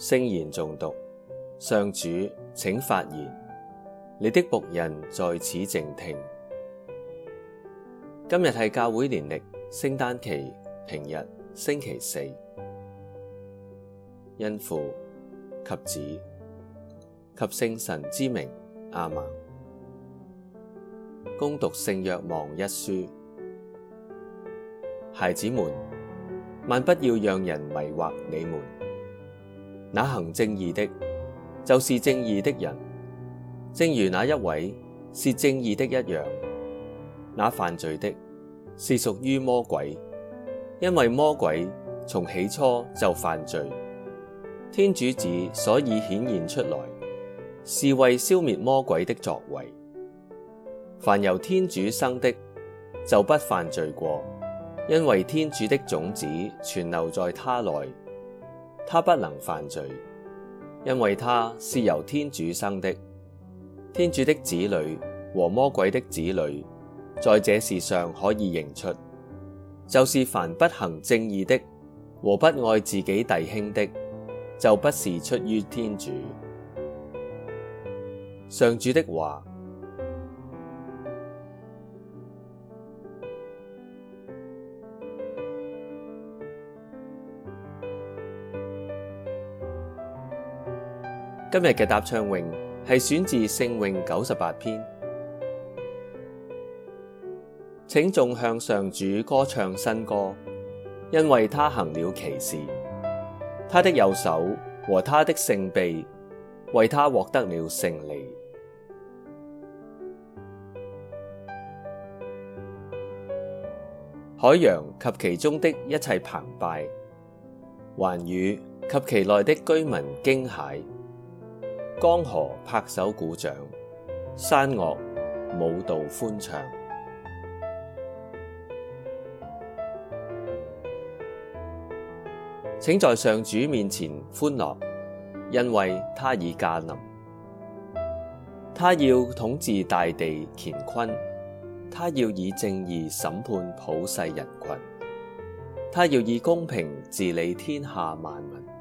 聖言誦讀，上主，請發言，你的僕人在此靜聽。今日係教會年曆聖誕期平日星期四，因父及子及聖神之名阿嫲。恭讀聖若望一書，孩子們，萬不要讓人迷惑你們。那行正義的，就是正義的人，正如那一位是正義的一樣。那犯罪的，是屬於魔鬼，因為魔鬼從起初就犯罪。天主子所以顯現出來，是為消滅魔鬼的作為。凡由天主生的，就不犯罪過，因為天主的種子存留在他內。他不能犯罪，因為他是由天主生的。天主的子女和魔鬼的子女，在這事上可以認出，就是凡不行正義的和不愛自己弟兄的，就不是出於天主。上主的話。今日嘅答唱詠係選自聖詠九十八篇，請眾向上主歌唱新歌，因為他行了奇事，他的右手和他的聖臂為他獲得了勝利。海洋及其中的一切澎湃，寰宇及其內的居民驚駭。江河拍手鼓掌，山嶽舞蹈歡唱，請在上主面前歡樂，因為他已駕臨，他要統治大地乾坤，他要以正義審判普世人群，他要以公平治理天下萬民。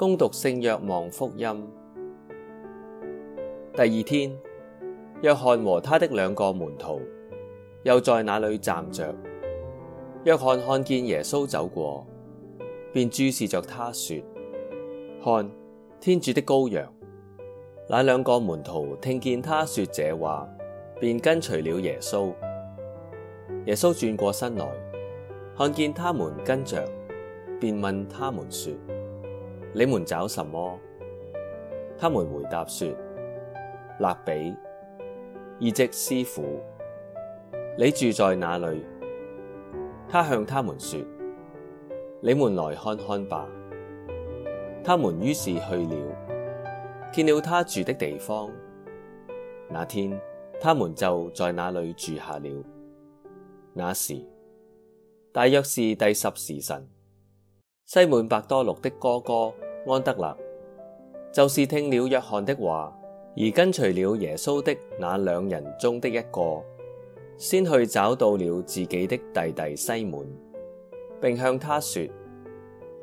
恭讀聖若望福音。第二天，若翰和他的兩個門徒又在那裏站着。若翰看見耶穌走過，便注視着他說：看，天主的羔羊。那兩個門徒聽見他說這話，便跟隨了耶穌。耶穌轉過身來，看見他們跟着，便問他們說：你們找什麼？他們回答說：辣彼，意即師傅。你住在哪裏？他向他們說：你們來看看吧。他們於是去了，見了他住的地方。那天，他們就在那裏住下了。那時，大約是第十時辰。西滿伯多祿的哥哥安德肋，就是聽了若翰的話而跟隨了耶穌的那兩人中的一個，先去找到了自己的弟弟西滿，並向他說：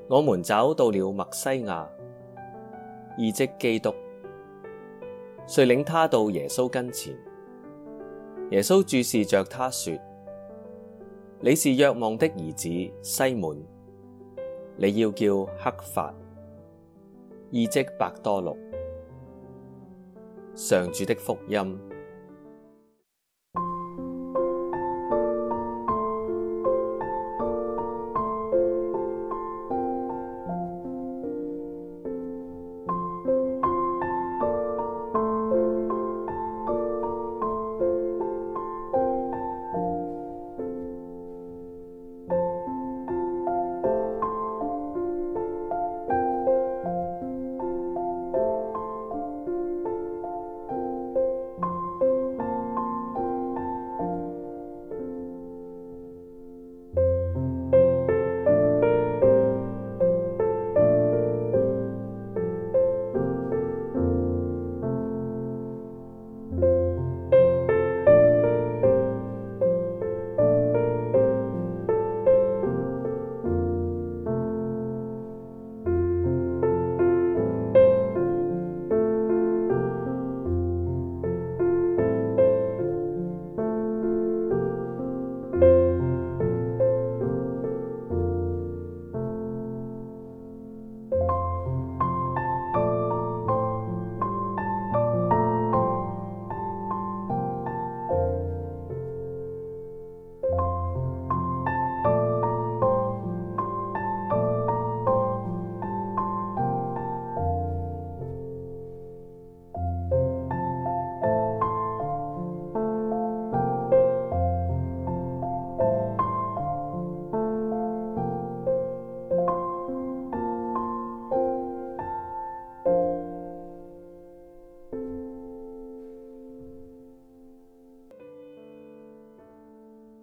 我們找到了默西亞，意即基督。遂領他到耶穌跟前。耶穌注視着他說：你是若望的兒子西滿。你要叫刻法，意即伯多祿，上主的福音。